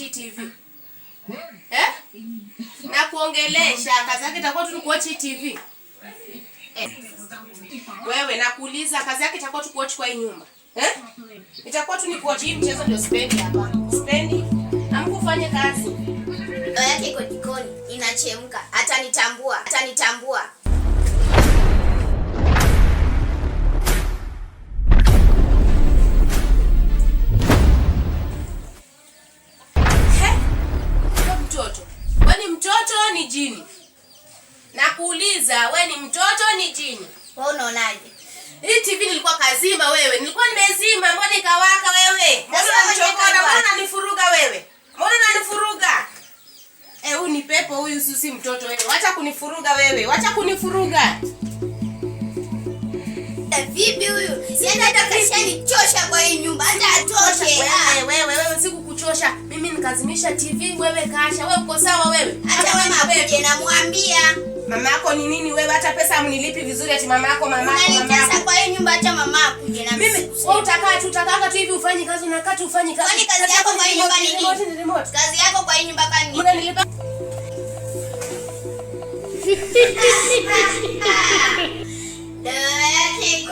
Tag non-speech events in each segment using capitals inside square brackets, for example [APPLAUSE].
watch TV. Eh? Na kuongelesha kazi yake itakuwa tu ni kuwatch TV. Eh. Wewe nakuuliza kazi yake itakuwa tu kuwatch kwa hii nyumba. Eh? Itakuwa tu ni kuwatch hii mchezo ndio spendi hapa. Spendi. Amkufanye kazi. Ndio yake iko jikoni inachemka. Atanitambua, atanitambua. mtoto ni jini. Nakuuliza, we ni mtoto ni jini? Wewe unaonaje? Hii TV nilikuwa kazima wewe. Nilikuwa nimezima mbona ikawaka wewe? Mbona unachokora? Mbona unanifuruga wewe? Mbona unanifuruga? Eh, huyu ni pepo huyu si mtoto wewe. Wacha kunifuruga wewe. Wacha kunifuruga. Eh, vipi huyu? Sienda hata kashani chosha kwa hii nyumba. Hata atoke. Wewe wewe wewe kazimisha TV. Wewe kasha, wewe uko sawa wewe? Acha wewe mapeke, namwambia mama yako ni nini wewe, hata pesa mnilipi vizuri, ati mama yako mama yako mama yako kwa hiyo nyumba, acha mama akuje na mimi. Wewe utakaa tu utakaa tu hivi ufanye kazi na kati ufanye kazi. Kwani kazi yako kwa hiyo nyumba ni nini? Kazi yako kwa hiyo nyumba kani nini? Unanilipa [LAUGHS] Dawa yake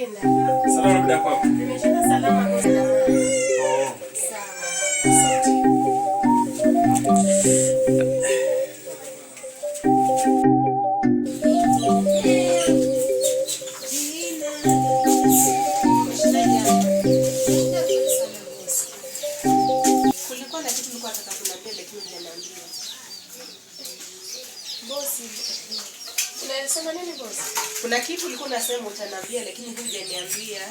машини. kitu ulikuwa unasema utanambia lakini hujaniambia.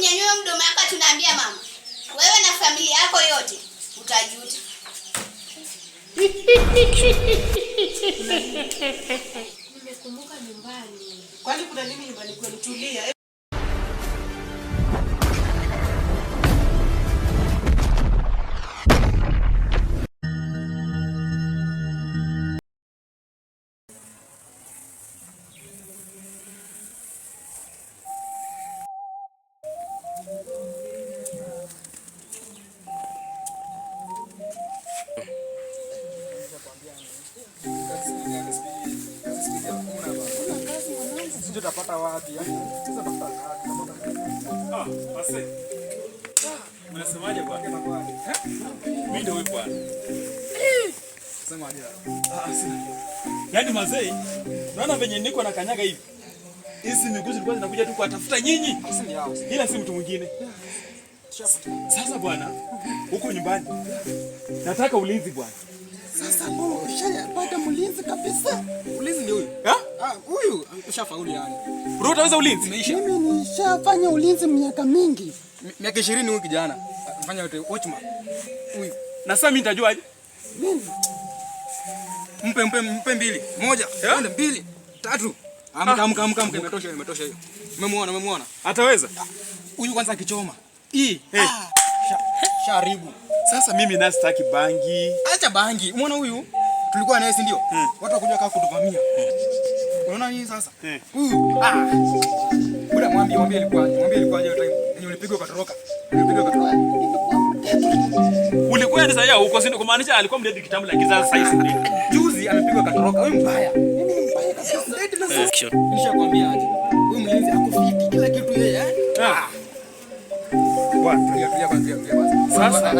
kunyanyua mdomo hapa, tunaambia mama, wewe na familia yako yote utajuta. Nimekumbuka nyumbani. Kwani kuna nini nyumbani Kwa nitulia. Unasemaje bwana? Mimi ndio huyu bwana. Semaje? Ah, sina. Yaani mazee, naona venye niko na kanyaga hivi. Hizi miguu zilikuwa zinakuja tu kuwatafuta nyinyi. Ila si mtu mwingine. Sasa bwana, huko nyumbani nataka ulinzi bwana. Sasa bwana, oh, ushapata mlinzi kabisa. Ulinzi ndio huyu. Ah, huyu ushafaulu yani. Bro, utaweza ulinzi? Mimi nishafanya ulinzi miaka mingi. Miaka 20 huyu kijana. Mfanya yote watchman. Huyu. Na sasa mimi nitajuaje? Mpe mpe mpe mbili. Moja, yeah? Mbili, tatu. Amka ah. amka amka amka imetosha imetosha hiyo. Umemuona umemuona. Ataweza? Ah. Huyu kwanza akichoma. Hii. Hey. Eh. Ah. Sharibu. Sasa mimi na sitaki bangi. Acha bangi. Umeona huyu? Tulikuwa naye si ndio? Hmm. Watu wakuja kaka kutuvamia. Hmm. Unaona hii sasa? Hmm. Huyu. Hmm. Ah. Bora mwambie mwambie ilikuwa. Mwambie ilikuwa hiyo time. Nilipigwa katoroka. Nilipigwa katoroka. Ulikuwa ni sasa huko sio kumaanisha alikuwa mdedi kitambo la kizazi sasa hivi. Juzi amepigwa katoroka. Wewe mbaya. Eh, Nishakwambia aje. Wewe mlinzi akufiti kila kitu yeye. Ah. ah. Sasa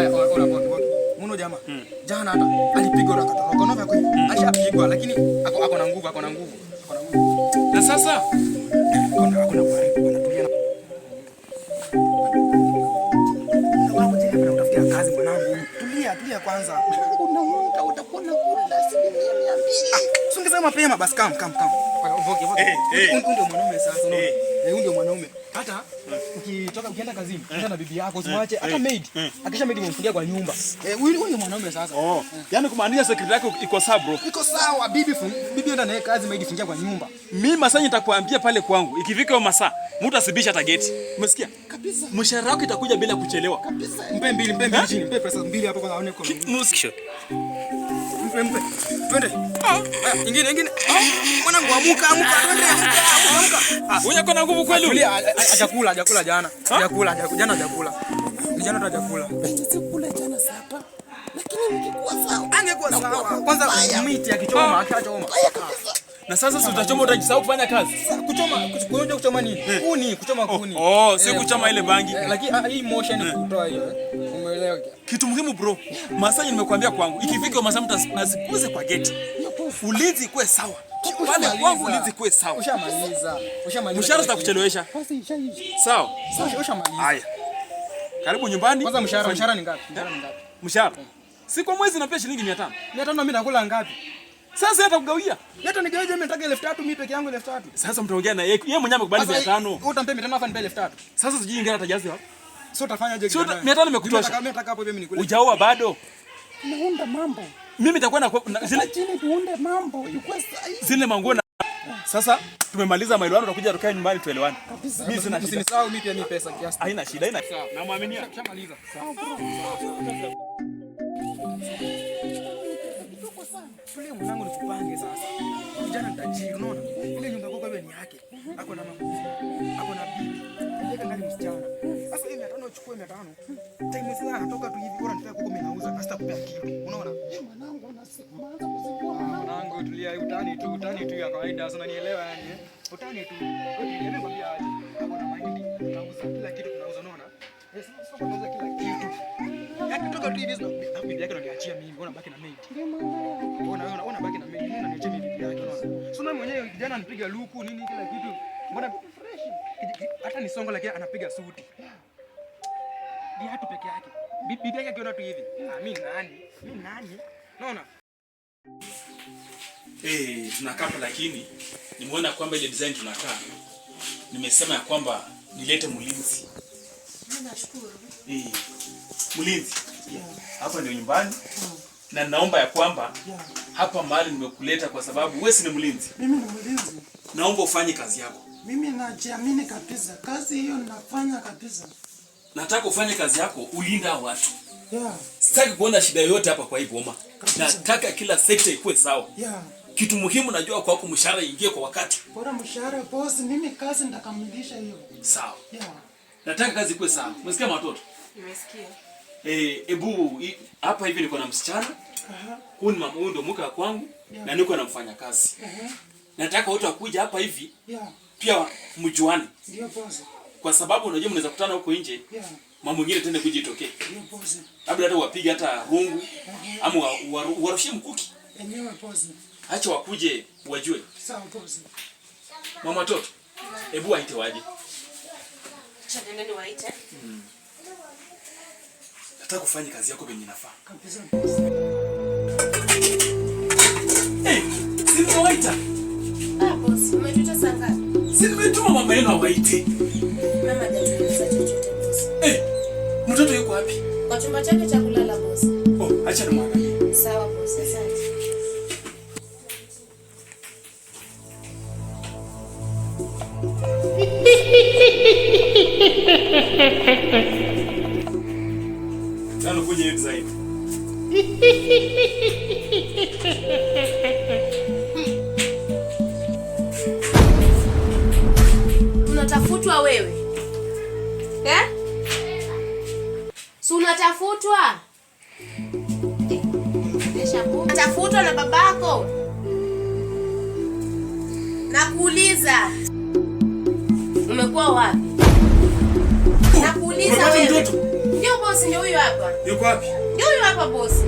muno jamaa. Hmm. Jana hata alipigwa na katoroka. Unaona kweli? Hmm. Ashapigwa lakini ako na nguvu, ako na nguvu. Ako na nguvu. Na sasa kuna kuna Tulia kwanza. Unaunga utakuwa na kula asilimia mia mbili. Ah, songeza mapema basi, come come come. Uvuke uvuke. Eh, eh. Huyu ndio mwanaume sasa unaona. Eh, eh huyu ndio mwanaume. Hata ukitoka ukienda kazini, nenda na bibi yako usimwache hata maid. Akisha maid umfungia kwa nyumba. Eh, huyu huyu mwanaume sasa. Oh. Yaani kumaanisha security yako iko sawa bro. Iko sawa bibi fun. Bibi nenda naye kazi maid fungia kwa nyumba. Mimi masaa nitakwambia pale kwangu. Ikifika masaa, mtu asibisha target. Umesikia? Kabisa. Mshahara wako itakuja bila kuchelewa. Kabisa. Mpe mbili, mpe mbili chini, mpe pesa mbili hapo kwa naone kwa mimi. Musikisho. Mpe mpe. Twende. Ah. Ah, ingine ingine. Ah. Mwanangu amuka amuka twende amuka. Ah, wewe uko na nguvu kweli? Tulia, hajakula, hajakula jana. Hajakula, jana hajakula. Jana ndo hajakula. Sikula jana sapa. Lakini nikikuwa sawa. Angekuwa sawa. Kwanza miti akichoma, akichoma. Kabisa. Na sasa si utachoma utajisahau kufanya kazi. Kuchoma kuchoma kuchoma nini? Eh. Kuni, kuchoma kuni. Oh, oh sio eh, kuchoma ile bangi. Eh, lakini ah, hii motion ni kutoa hiyo. Umeelewa? Kitu muhimu bro. Masaji nimekuambia kwangu. Ikifika kwa masaa mtasikuze kwa geti. Ulinzi kuwe sawa. Pale kwangu ulinzi kuwe sawa. Ushamaliza. Ushamaliza. Mshahara utakuchelewesha. Sawa. Ushamaliza. Haya. Karibu nyumbani. Kwanza mshahara mshahara ni ngapi? Mshahara ni ngapi? Mshahara. Si kwa mwezi na pia shilingi 500. 500 mimi nakula ngapi? Sasa hata kugawia. Hata nigawie mimi nataka 3000 mimi peke yangu 3000. Sasa mtaongea na yeye mwenyewe amekubali 500. Wewe utampa 500 afa nipe 3000. Sasa sijui ngara atajazi wapi. Sio utafanyaje kidogo? Sio 500 nimekutosha. Mimi nataka hapo hivi mimi nikule. Ujaoa bado. Naunda mambo. Mimi nitakuwa na zile chini tuunde mambo. Yuko sahihi. Zile manguo na sasa tumemaliza mailo yangu, tutakuja tukae nyumbani tuelewane. Mimi sina shida. Msinisahau mimi pia ni pesa kiasi. Haina shida, haina. shida. Namwaminia. Tumemaliza. Sawa. Shule mwanangu nikupange sasa. Kijana mtajiri, unaona? Ile nyumba yako wewe ni yake. Ako na makuzi. Ako na bibi. Ndeka ndani msichana. Sasa hivi atano chukue 500. Time mzee anatoka tu hivi bora nitaka kuko ninauza hasta kupea kilo. Unaona? Mwanangu unasema ah, mwanangu tulia utani tu utani tu ya kawaida sana nielewa yani. Eh? Utani tu. Wewe niambia aje. Ako na mahindi. Tunauza kila kitu tunauza unaona? Yes, eh, tunauza kila kitu. Gonga tu hivi bibi yake unaniachia mimi. Mbona baki na maid? Mbona wewe unaona baki na maid? Mimi naniachia mimi bibi yake unaona. Sio na mwenyewe kijana anipiga luku nini kila kitu. Mbona fresh? Hata ni songo lakini anapiga suti. Viatu peke yake. Bibi yake akiona tu hivi. Ah, mimi nani? Mimi nani? Unaona? Eh, tunakaa lakini nimeona kwamba ile design tunakaa. Nimesema ya kwamba nilete mlinzi. Mimi nashukuru. Eh. Mlinzi hapa ndio nyumbani na naomba ya kwamba hapa mahali nimekuleta kwa sababu wewe si mlinzi. Mimi ni mlinzi. Naomba ufanye kazi yako. Mimi najiamini kabisa, kazi hiyo ninafanya kabisa. Nataka ufanye kazi yako, ulinda watu yeah. Sitaki kuona shida yoyote hapa kwa hii boma. Nataka kila sekta ikuwe sawa yeah. Kitu muhimu najua kwa hapo mshahara ingie kwa wakati. Bora mshahara boss, mimi kazi nitakamilisha hiyo. Sawa. Yeah. Nataka kazi ikuwe sawa. Umesikia watoto? Nimesikia hebu eh, hapa hivi niko na msichana huyu uh -huh. ndo mke kwangu yeah. Na niko na mfanyakazi uh -huh. Nataka watu wakuja hapa hivi yeah. Pia mjuane yeah, kwa sababu unajua mnaweza kutana huko nje yeah. Mambo mengine tende kujitokea labda hata wapige hata rungu yeah. Ama warushie mkuki acha wakuje wajue sawa mama toto hebu waite waje. Waite. Mm. Nataka kufanya kazi yako penye nafaa. Hey, si nimewaita. Ah, boss, umetuita saa ngapi? Si nimetuma mama yenu awaite. Mama hajatueleza chochote boss. Eh, mtoto yuko wapi? Kwa chumba chake cha kulala boss. Oh, acha nimwangalie. Sawa boss, asante. yetu zaidi. Unatafutwa wewe eh? Si unatafutwa unatafutwa na babako, nakuuliza umekuwa wapi? Nakuuliza wewe ndio bosi, ndio huyu hapa. Yuko wapi? Ndio huyu hapa bosi.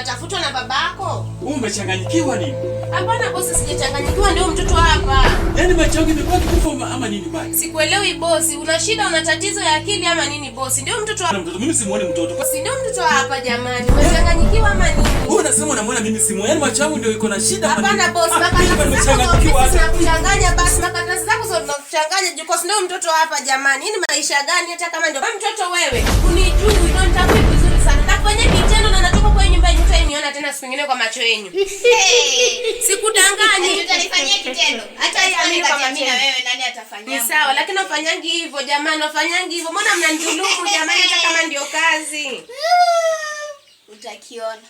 unatafutwa na babako? Wewe Umechanganyikiwa nini? Hapana bosi, sijachanganyikiwa, ndio mtoto hapa. Yaani macho yangu imekuwa kitufu ama nini bwana? Sikuelewi bosi, una shida, una tatizo ya akili ama nini bosi? Ndio mtoto hapa. Mtoto mimi simuoni mtoto. Bosi, ndio mtoto hapa jamani. Umechanganyikiwa ama nini? Wewe unasema unamwona mimi simuoni. Yaani macho yangu ndio iko na shida. Hapana bosi, baka ah, nimechanganyikiwa hata. Kuchanganya basi makaratasi zako zote tunakuchanganya juu, ndio mtoto hapa jamani. Hii ni yaani maisha gani hata kama ndio mtoto wewe? Unijui, ndio nitakupa na siku nyingine kwa macho yenu. [LAUGHS] Hey, sikudanganyi. Tutalifanyia kitendo. Hata yeye kama na wewe nani atafanyia? Ni sawa, lakini ufanyangi hivyo jamani, ufanyangi hivyo. Mbona mnanidhulumu jamani hata kama ndio kazi? [SIGHS] Utakiona.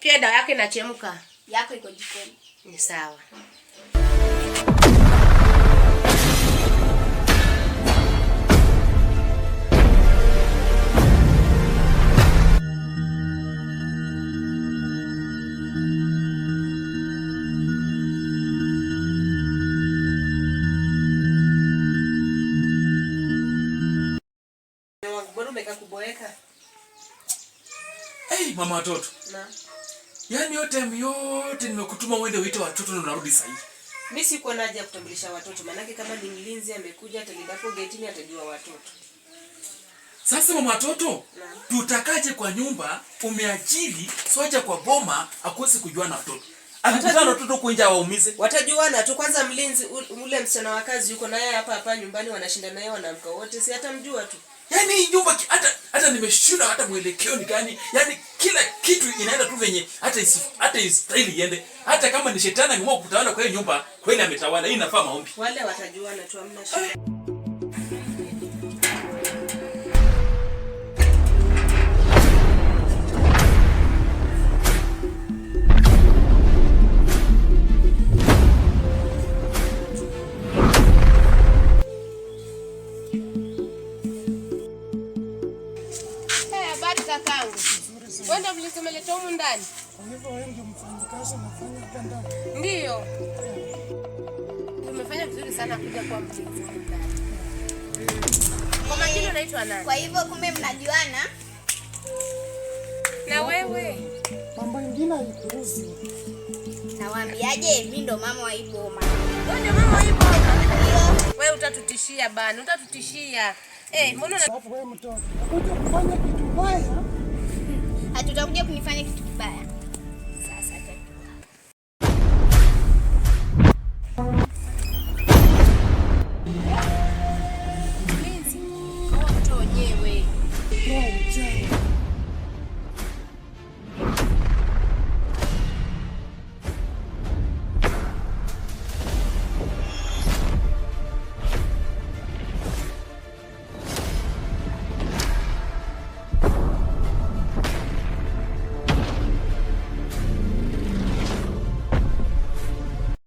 Pia dawa yake inachemka. Yako iko jikoni. Ni sawa. Hey, mama watoto. Na. Yaani yote yote nimekutuma uende uite watoto na unarudi sasa hivi. Mimi siko na haja kutambulisha watoto maanake kama ni mlinzi amekuja atalidapo ni atajua watoto. Sasa mama watoto, tutakaje kwa nyumba umeajiri soja kwa boma akuwezi kujua na watoto. na watoto kuinja waumize. Watajuana tu kwanza mlinzi ule msichana wa kazi yuko naye hapa hapa nyumbani wanashinda naye wanamka wote si mjua tu. Yaani hii nyumba hata hata nimeshindwa hata mwelekeo ni gani? Yaani kila kitu inaenda tu venye hata isi, hata istahili iende. Hata kama ni shetani ameamua kutawala kwa hiyo nyumba, kweli ametawala. Hii inafaa maombi. Wale na tu, amna shida. anakuja kwa mzunguni ndani. Mm. Kwa majina unaitwa nani? Kwa hivyo kumbe mnajuana. Na wewe? Mambo mengine haikuhusu. Nawaambiaje, mimi ndo mama wa Iboma. Wewe ndio mama wa Iboma. Wewe utatutishia bana, utatutishia. Eh, mbona wewe mtoto? Utakuja kufanya kitu kibaya? Hatutakuja kunifanya kitu kibaya. Long day.